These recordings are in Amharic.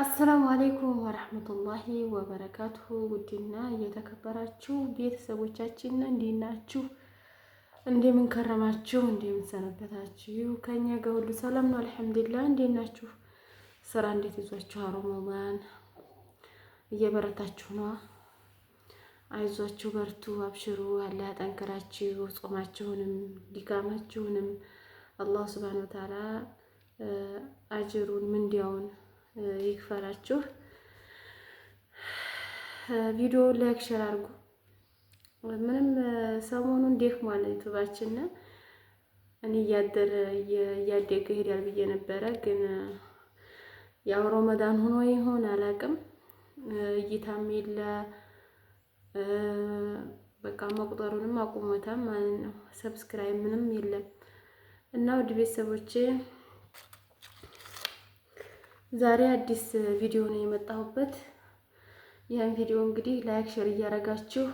አሰላሙ አሌይኩም ወረህመቱላሂ ወበረካቱሁ ውድና እየተከበራችሁ ቤተሰቦቻችን እንዴት ናችሁ? እንደምን ከረማችሁ? እንደምን ሰነበታችሁ? ከእኛ ጋር ሁሉ ሰላም ነው አልሐምዱሊላህ። እንዴት ናችሁ? ስራ እንዴት ይዟችሁ? አሮሞባን እየበረታችሁ ነዋ። አይዟችሁ፣ በርቱ፣ አብሽሩ። አላህ ያጠንክራችሁ። ጾማችሁንም ድካማችሁንም አላሁ ስብሃነ ወተዓላ አጅሩን ምንዲያውን ይክፈላችሁ። ቪዲዮ ላይክ ሼር አድርጉ። ምንም ሰሞኑን ደክሟል ዩቱባችን እኔ እያደረ እያደገ ሄዳል ብዬ ነበረ፣ ግን ያው ረመዳን ሆኖ ይሆን አላውቅም። እይታም የለ በቃ መቁጠሩንም አቁሞታል ማለት ነው። ሰብስክራይብ ምንም የለም እና ውድ ቤተሰቦቼ ዛሬ አዲስ ቪዲዮ ነው የመጣሁበት። ያን ቪዲዮ እንግዲህ ላይክ፣ ሼር እያረጋችሁ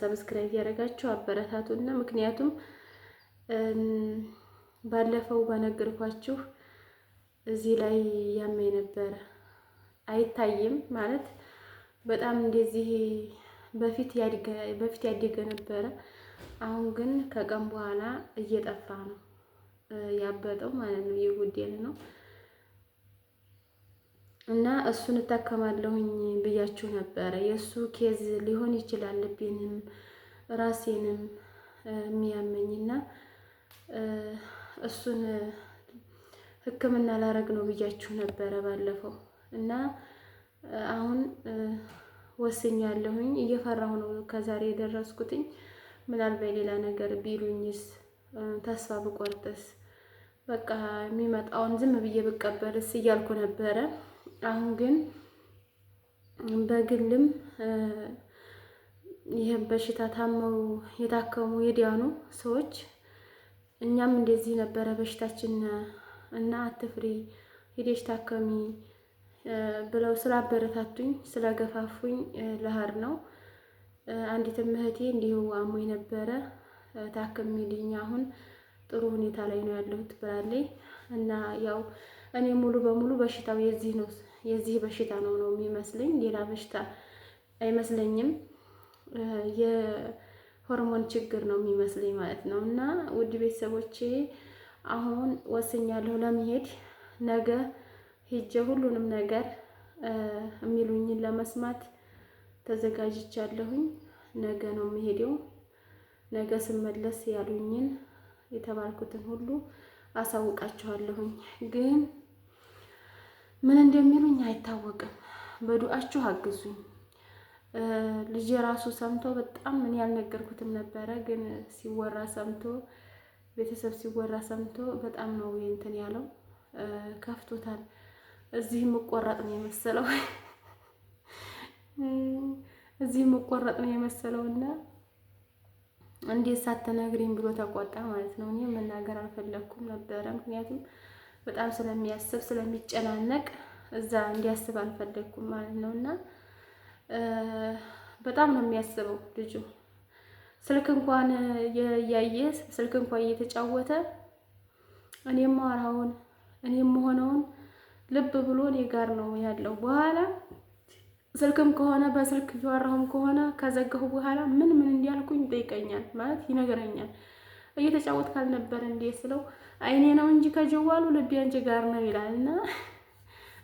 ሰብስክራይብ እያረጋችሁ አበረታቱና ምክንያቱም ባለፈው በነገርኳችሁ እዚህ ላይ ያመኝ ነበረ አይታይም ማለት በጣም እንደዚህ በፊት ያድገ በፊት ያደገ ነበረ። አሁን ግን ከቀን በኋላ እየጠፋ ነው ያበጠው ማለት ነው እየጎደለ ነው። እና እሱን እታከማለሁኝ ብያችሁ ነበረ። የእሱ ኬዝ ሊሆን ይችላል ልቤንም ራሴንም የሚያመኝና እሱን ሕክምና ላረግ ነው ብያችሁ ነበረ ባለፈው እና አሁን ወስኛለሁኝ። እየፈራሁ ነው ከዛሬ የደረስኩትኝ። ምናልባት ሌላ ነገር ቢሉኝስ ተስፋ ብቆርጥስ በቃ የሚመጣውን ዝም ብዬ ብቀበልስ እያልኩ ነበረ። አሁን ግን በግልም ይህም በሽታ ታመው የታከሙ የዲያኑ ሰዎች እኛም እንደዚህ ነበረ በሽታችን እና አትፍሪ ሂደሽ ታከሚ ብለው ስላበረታቱኝ ስለገፋፉኝ ለሀር ነው። አንዲትም እህቴ እንዲሁ አሞኝ ነበረ ታክሚልኝ፣ አሁን ጥሩ ሁኔታ ላይ ነው ያለሁት ብላለች እና ያው እኔ ሙሉ በሙሉ በሽታው የዚህ ነው የዚህ በሽታ ነው ነው የሚመስለኝ፣ ሌላ በሽታ አይመስለኝም። የሆርሞን ችግር ነው የሚመስለኝ ማለት ነው። እና ውድ ቤተሰቦቼ አሁን ወስኛለሁ ለመሄድ ነገ ሄጀ ሁሉንም ነገር የሚሉኝን ለመስማት ተዘጋጅቻለሁኝ። ነገ ነው የምሄደው። ነገ ስመለስ ያሉኝን የተባልኩትን ሁሉ አሳውቃችኋለሁኝ ግን ምን እንደሚሉኝ አይታወቅም። በዱአችሁ አግዙኝ። ልጅ ራሱ ሰምቶ በጣም ምን ያልነገርኩትም ነበረ፣ ግን ሲወራ ሰምቶ ቤተሰብ ሲወራ ሰምቶ በጣም ነው እንትን ያለው ከፍቶታል። እዚህ መቆረጥ ነው የመሰለው እዚህ መቆረጥ ነው የመሰለው እና እንዴት ሳትነግሪኝ ብሎ ተቆጣ ማለት ነው። እኔ መናገር አልፈለኩም ነበረ ምክንያቱም በጣም ስለሚያስብ ስለሚጨናነቅ እዛ እንዲያስብ አልፈለግኩም ማለት ነው። እና በጣም ነው የሚያስበው ልጁ ስልክ እንኳን እያየ ስልክ እንኳን እየተጫወተ እኔ ማራውን እኔ መሆነውን ልብ ብሎ እኔ ጋር ነው ያለው። በኋላ ስልክም ከሆነ በስልክ እያወራሁም ከሆነ ከዘጋሁ በኋላ ምን ምን እንዲያልኩኝ ይጠይቀኛል ማለት ይነግረኛል። እየተጫወት ካልነበር እንዴ ስለው አይኔ ነው እንጂ ከጀዋሉ ልቤ አንቺ ጋር ነው ይላልና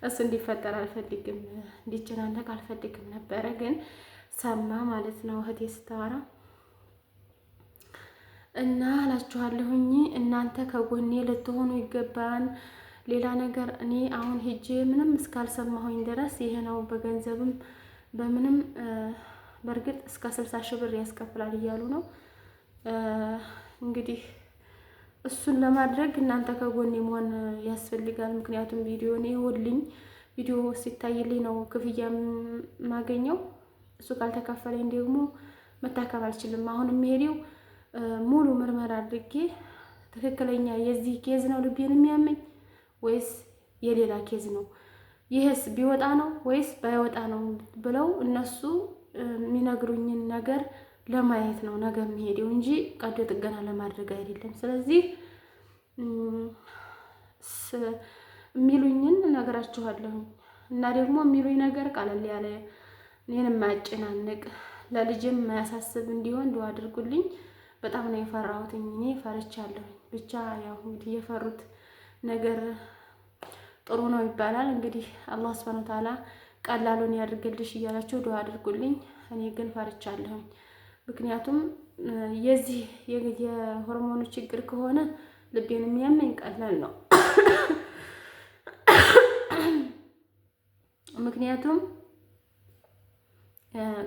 እሱ እንዲፈጠር አልፈልግም፣ እንዲጨናነቅ አልፈልግም ነበረ። ግን ሰማ ማለት ነው እህቴ ስታወራ እና አላችኋለሁኝ እናንተ ከጎኔ ልትሆኑ ይገባን። ሌላ ነገር እኔ አሁን ሄጄ ምንም እስካልሰማሁኝ ድረስ ይሄ ነው በገንዘብም በምንም በእርግጥ እስከ ስልሳ ሺህ ብር ያስከፍላል እያሉ ነው። እንግዲህ እሱን ለማድረግ እናንተ ከጎኔ መሆን ያስፈልጋል። ምክንያቱም ቪዲዮ እኔ ይኸውልኝ ቪዲዮ ሲታይልኝ ነው ክፍያ የማገኘው። እሱ ካልተከፈለኝ ደግሞ መታከም አልችልም። አሁን የሚሄደው ሙሉ ምርመራ አድርጌ ትክክለኛ የዚህ ኬዝ ነው ልቤን የሚያመኝ ወይስ የሌላ ኬዝ ነው? ይህስ ቢወጣ ነው ወይስ ባይወጣ ነው ብለው እነሱ የሚነግሩኝን ነገር ለማየት ነው ነገ የሚሄደው እንጂ ቀዶ ጥገና ለማድረግ አይደለም። ስለዚህ የሚሉኝን እነግራችኋለሁ እና ደግሞ የሚሉኝ ነገር ቀለል ያለ እኔን የማያጨናንቅ ለልጅም የማያሳስብ እንዲሆን ዱአ አድርጉልኝ። በጣም ነው የፈራሁት፣ እኔ ፈርቻለሁ። ብቻ ያው እንግዲህ የፈሩት ነገር ጥሩ ነው ይባላል። እንግዲህ አላህ ሱብሐነሁ ወተዓላ ቀላሉን ያድርግልሽ እያላችሁ ዱአ አድርጉልኝ። እኔ ግን ፈርቻለሁኝ። ምክንያቱም የዚህ የሆርሞኑ ችግር ከሆነ ልቤን የሚያመኝ ቀላል ነው። ምክንያቱም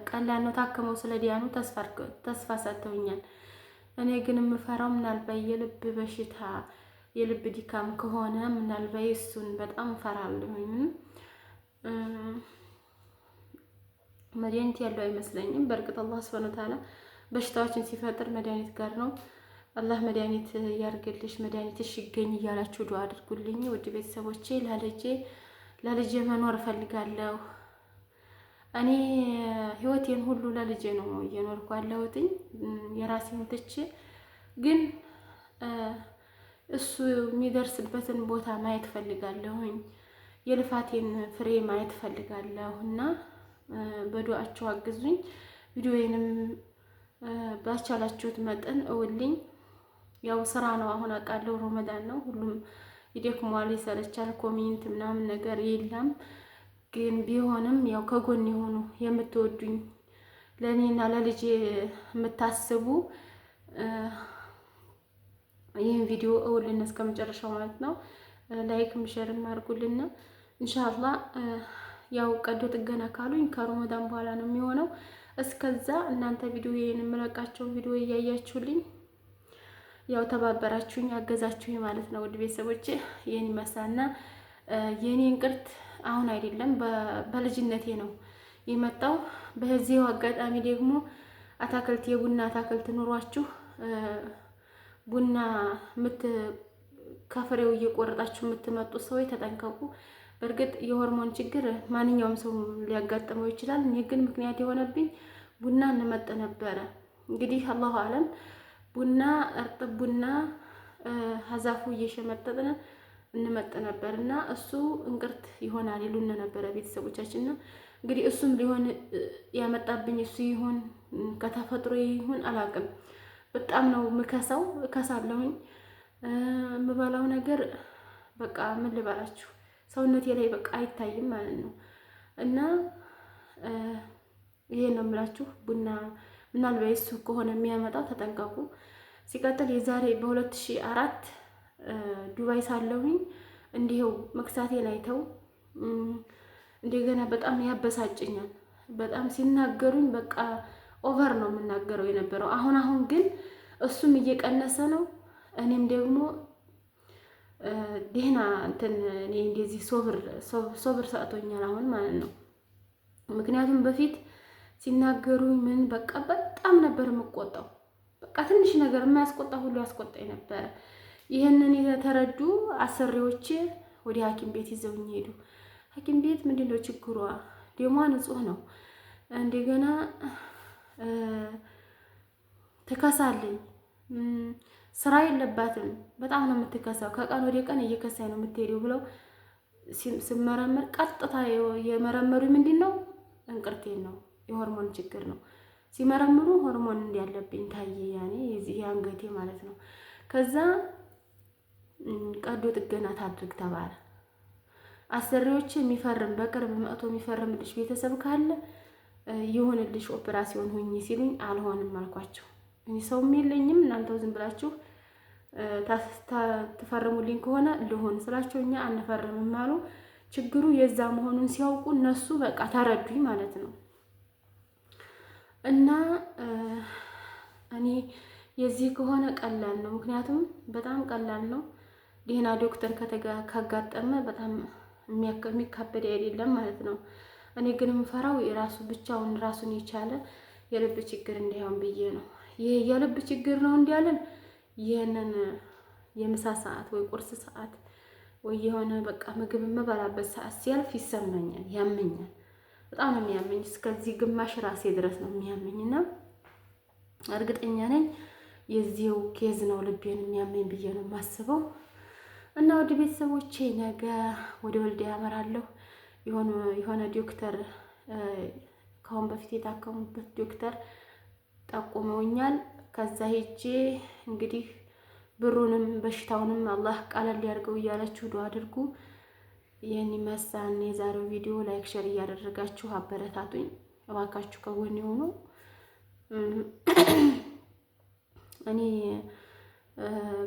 ቀላል ነው። ታክመው ስለ ዲያኑ ተስፋ ሰጥተውኛል። እኔ ግን የምፈራው ምናልባት የልብ በሽታ የልብ ድካም ከሆነ ምናልባት እሱን በጣም እፈራለሁ። መድኃኒት ያለው አይመስለኝም። በእርግጥ አላህ ስብሐነ ወተዓላ በሽታዎችን ሲፈጥር መድኃኒት ጋር ነው። አላህ መድኃኒት ያርግልሽ፣ መድኃኒትሽ ይገኝ እያላችሁ ዱዓ አድርጉልኝ ውድ ቤተሰቦቼ። ላልጄ ላልጄ መኖር እፈልጋለሁ። እኔ ህይወቴን ሁሉ ለልጄ ነው እየኖርኩ ያለሁትኝ የራሴን ትቼ ግን እሱ የሚደርስበትን ቦታ ማየት ፈልጋለሁኝ። የልፋቴን ፍሬ ማየት ፈልጋለሁ እና በዱአችሁ አግዙኝ። ቪዲዮዬንም ባቻላችሁት መጠን እውልኝ። ያው ስራ ነው አሁን አውቃለሁ፣ ሮመዳን ነው፣ ሁሉም ይደክሟል፣ ይሰለቻል። ኮሜንት ምናምን ነገር የለም ግን ቢሆንም ያው ከጎን የሆኑ የምትወዱኝ ለእኔና ለልጅ የምታስቡ ይህን ቪዲዮ እውልን እስከመጨረሻው ማለት ነው። ላይክም ሸርም አድርጉልና ኢንሻአላህ ያው ቀዶ ጥገና ካሉኝ ከሮመዳን በኋላ ነው የሚሆነው። እስከዛ እናንተ ቪዲዮ የምለቃቸው ቪዲዮ እያያችሁልኝ ያው ተባበራችሁኝ፣ አገዛችሁኝ ማለት ነው። ውድ ቤተሰቦቼ ይህን ይመስላልና የእኔ እንቅርት አሁን አይደለም በልጅነቴ ነው የመጣው። በዚህ አጋጣሚ ደግሞ አታክልት የቡና አታክልት ኑሯችሁ ቡና ምት ከፍሬው እየቆረጣችሁ የምትመጡ ሰዎች ተጠንቀቁ። በእርግጥ የሆርሞን ችግር ማንኛውም ሰው ሊያጋጥመው ይችላል። እኔ ግን ምክንያት የሆነብኝ ቡና እንመጠ ነበረ። እንግዲህ አላሁ አለም ቡና እርጥብ ቡና ሀዛፉ እየሸመጠጥን እንመጥ ነበር እና እሱ እንቅርት ይሆናል ይሉን ነበረ ቤተሰቦቻችንና እንግዲህ እሱም ሊሆን ያመጣብኝ እሱ ይሁን ከተፈጥሮ ይሁን አላውቅም። በጣም ነው ምከሰው እከሳለሁኝ የምበላው ነገር በቃ ምን ልበላችሁ ሰውነቴ ላይ በቃ አይታይም ማለት ነው። እና ይሄ ነው የምላችሁ ቡና ምናልባት እሱ ከሆነ የሚያመጣው ተጠንቀቁ። ሲቀጥል የዛሬ በ204 ዱባይ ሳለሁኝ እንዲሁ መክሳቴን አይተው እንደገና በጣም ያበሳጭኛል። በጣም ሲናገሩኝ በቃ ኦቨር ነው የምናገረው የነበረው። አሁን አሁን ግን እሱም እየቀነሰ ነው እኔም ደግሞ ደህና እንትን እኔ እንደዚህ ሶብር ሶብር ሰጥቶኛል አሁን ማለት ነው። ምክንያቱም በፊት ሲናገሩኝ ምን በቃ በጣም ነበር የምቆጣው። በቃ ትንሽ ነገር የማያስቆጣ ሁሉ ያስቆጣኝ ነበረ። ይህንን የተረዱ አሰሪዎች ወደ ሐኪም ቤት ይዘውኝ ሄዱ። ሐኪም ቤት ምንድን ነው ችግሯ? ደሟ ንጹህ ነው። እንደገና ትከሳለኝ ስራ የለባትም በጣም ነው የምትከሳው፣ ከቀን ወደ ቀን እየከሳይ ነው የምትሄደው ብለው ስመረምር ቀጥታ የመረመሩ ምንድን ነው እንቅርቴን ነው የሆርሞን ችግር ነው ሲመረምሩ ሆርሞን እንዲያለብኝ ታየ። ያኔ የዚህ ማለት ነው። ከዛ ቀዶ ጥገና ታድርግ ተባለ። አሰሪዎች የሚፈርም በቅርብ መጥቶ የሚፈርምልሽ ቤተሰብ ካለ ይሁንልሽ ኦፕራሲዮን ሁኚ ሲሉኝ አልሆንም አልኳቸው። እኔ ሰውም የለኝም እናንተው ዝም ብላችሁ ትፈርሙልኝ ከሆነ ልሆን ስላቸው እኛ አንፈርምም አሉ። ችግሩ የዛ መሆኑን ሲያውቁ እነሱ በቃ ተረዱኝ ማለት ነው። እና እኔ የዚህ ከሆነ ቀላል ነው፣ ምክንያቱም በጣም ቀላል ነው። ደህና ዶክተር ካጋጠመ በጣም የሚካበድ አይደለም ማለት ነው። እኔ ግን የምፈራው የራሱ ብቻውን ራሱን የቻለ የልብ ችግር እንዳይሆን ብዬ ነው። ይሄ የልብ ችግር ነው እንዲያለን ይህንን የምሳ ሰዓት ወይ ቁርስ ሰዓት ወይ የሆነ በቃ ምግብ የምበላበት ሰዓት ሲያልፍ ይሰማኛል፣ ያመኛል። በጣም ነው የሚያመኝ። እስከዚህ ግማሽ ራሴ ድረስ ነው የሚያመኝ እና እርግጠኛ ነኝ የዚው ኬዝ ነው ልቤን የሚያመኝ ብዬ ነው የማስበው። እና ወደ ቤተሰቦቼ ነገ ወደ ወልዲያ ያመራለሁ። የሆነ ዶክተር ከአሁን በፊት የታከሙበት ዶክተር ጠቁመውኛል። ከዛ ሄጄ እንግዲህ ብሩንም በሽታውንም አላህ ቀለል ሊያርገው እያላችሁ ዱአ አድርጉ። ይህን ይመስላል የዛሬው ቪዲዮ። ላይክ ሸር እያደረጋችሁ አበረታቱኝ እባካችሁ ከጎን የሆኑ እኔ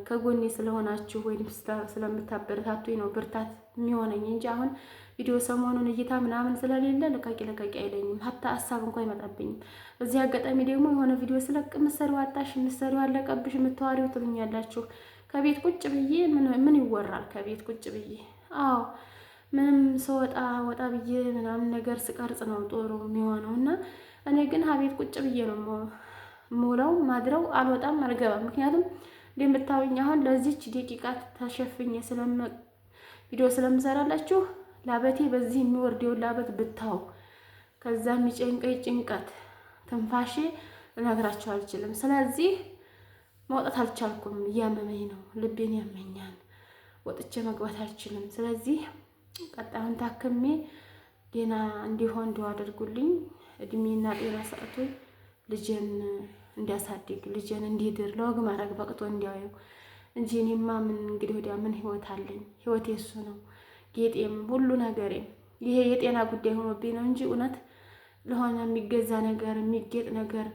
ከጎኔ ስለሆናችሁ ወይም ስለምታበረታቱኝ ነው ብርታት የሚሆነኝ እንጂ አሁን ቪዲዮ ሰሞኑን እይታ ምናምን ስለሌለ ለቃቂ ለቃቂ አይለኝም። ሀታ ሀሳብ እንኳ አይመጣብኝም። በዚህ አጋጣሚ ደግሞ የሆነ ቪዲዮ ስለቅ ምሰሪው አጣሽ፣ ምሰሪው አለቀብሽ፣ ምታዋሪው ትሉኛላችሁ። ከቤት ቁጭ ብዬ ምን ይወራል? ከቤት ቁጭ ብዬ አዎ ምንም ስወጣ ወጣ ብዬ ምናምን ነገር ስቀርጽ ነው ጦሩ የሚሆነው እና እኔ ግን ሀቤት ቁጭ ብዬ ነው ሞላው ማድረው አልወጣም አልገባም ምክንያቱም እንደምታዩኝ አሁን ለዚች ደቂቃ ተሸፍኜ ስለመ ቪዲዮ ስለምሰራላችሁ ላበቴ በዚህ የሚወርደውን ላበት ብታው ከዛ የሚጨንቀኝ ጭንቀት ትንፋሼ እነግራችሁ አልችልም። ስለዚህ መውጣት አልቻልኩም። እያመመኝ ነው፣ ልቤን ያመኛል። ወጥቼ መግባት አልችልም። ስለዚህ ቀጣዩን ታክሜ ጤና እንዲሆን እንደው አድርጉልኝ። እድሜና ጤና ሰጥቶ ልጄን እንዲያሳድግ ልጄን እንዲድር ለወግ ማድረግ በቅቶ እንዲያዩ እንጂ እኔማ ምን እንግዲህ ወዲያ ምን ህይወት አለኝ? ህይወቴ እሱ ነው ጌጤም ሁሉ ነገሬም። ይሄ የጤና ጉዳይ ሆኖብኝ ነው እንጂ እውነት ለሆነ የሚገዛ ነገር የሚጌጥ ነገር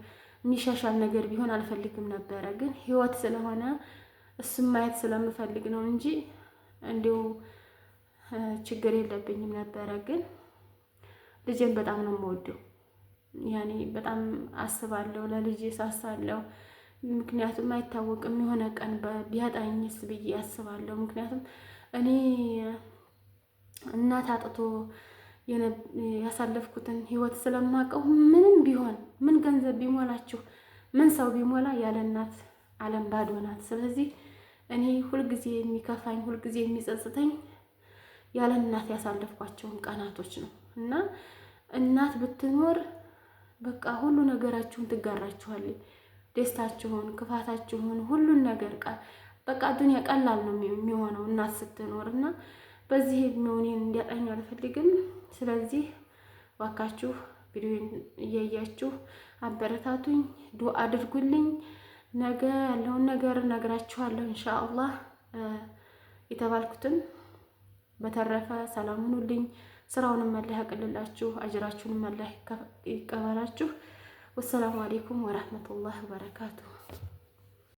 የሚሻሻል ነገር ቢሆን አልፈልግም ነበረ። ግን ህይወት ስለሆነ እሱም ማየት ስለምፈልግ ነው እንጂ እንዲሁ ችግር የለብኝም ነበረ። ግን ልጄን በጣም ነው የምወደው። ያኔ በጣም አስባለሁ፣ ለልጅ ሳሳለሁ። ምክንያቱም አይታወቅም የሆነ ቀን ቢያጣኝስ ብዬ አስባለሁ። ምክንያቱም እኔ እናት አጥቶ ያሳለፍኩትን ህይወት ስለማውቀው ምንም ቢሆን ምን ገንዘብ ቢሞላችሁ ምን ሰው ቢሞላ ያለ እናት ዓለም ባዶ ናት። ስለዚህ እኔ ሁልጊዜ የሚከፋኝ ሁልጊዜ የሚጸጽተኝ ያለ እናት ያሳለፍኳቸውን ቀናቶች ነው እና እናት ብትኖር በቃ ሁሉ ነገራችሁን ትጋራችኋለች። ደስታችሁን፣ ክፋታችሁን፣ ሁሉን ነገር በቃ ዱኒያ ቀላል ነው የሚሆነው እናት ስትኖር እና በዚህ የሚሆኔን እንዲያጣኝ አልፈልግም። ስለዚህ ዋካችሁ ቪዲዮን እያያችሁ አበረታቱኝ፣ ዱ አድርጉልኝ። ነገ ያለውን ነገር እነግራችኋለሁ ኢንሻአላህ የተባልኩትን። በተረፈ ሰላም ሁኑልኝ። ስራውንም አላህ ያቅልላችሁ፣ አጅራችሁንም አላህ ይቀበላችሁ። ወሰላሙ አሌይኩም ወረህመቱላህ ወበረካቱ።